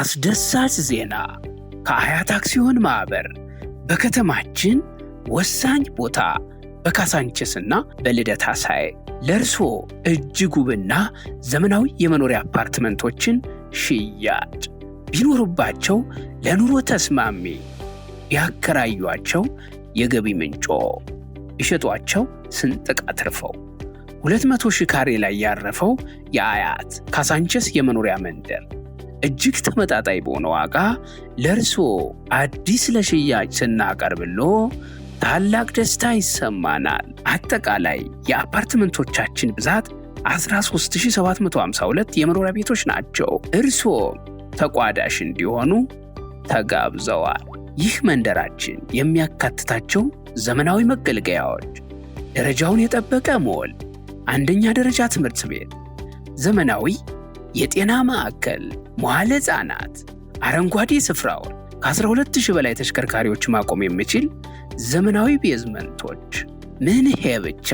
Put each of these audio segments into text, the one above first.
አስደሳች ዜና ከአያት አክሲዮን ማህበር በከተማችን ወሳኝ ቦታ በካሳንችስና በልደታ ሳይ ለእርስዎ እጅግ ውብና ዘመናዊ የመኖሪያ አፓርትመንቶችን ሽያጭ ቢኖሩባቸው ለኑሮ ተስማሚ ቢያከራዩቸው የገቢ ምንጮ ቢሸጧቸው ስንጥቅ አትርፈው 200 ሺህ ካሬ ላይ ያረፈው የአያት ካሳንቸስ የመኖሪያ መንደር እጅግ ተመጣጣኝ በሆነ ዋጋ ለእርስዎ አዲስ ለሽያጭ ስናቀርብሎ ታላቅ ደስታ ይሰማናል። አጠቃላይ የአፓርትመንቶቻችን ብዛት 13752 የመኖሪያ ቤቶች ናቸው። እርስዎ ተቋዳሽ እንዲሆኑ ተጋብዘዋል። ይህ መንደራችን የሚያካትታቸው ዘመናዊ መገልገያዎች፣ ደረጃውን የጠበቀ ሞል፣ አንደኛ ደረጃ ትምህርት ቤት፣ ዘመናዊ የጤና ማዕከል፣ መዋለ ሕፃናት፣ አረንጓዴ ስፍራውን ከ12000 በላይ ተሽከርካሪዎች ማቆም የሚችል ዘመናዊ ቤዝመንቶች ምን ይሄ ብቻ!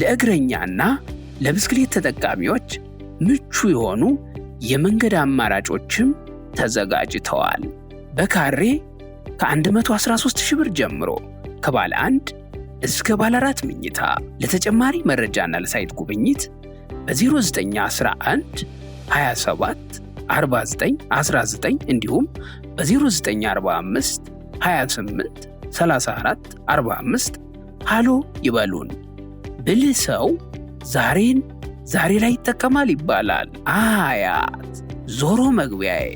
ለእግረኛና ለብስክሌት ተጠቃሚዎች ምቹ የሆኑ የመንገድ አማራጮችም ተዘጋጅተዋል። በካሬ ከ113 ሺህ ብር ጀምሮ ከባለ አንድ እስከ ባለ አራት መኝታ ለተጨማሪ መረጃና ለሳይት ጉብኝት በ0911 27 49 19 እንዲሁም በ0945 28 34 45 ሃሎ ይበሉን። ብልህ ሰው ዛሬን ዛሬ ላይ ይጠቀማል ይባላል። አያት ዞሮ መግቢያዬ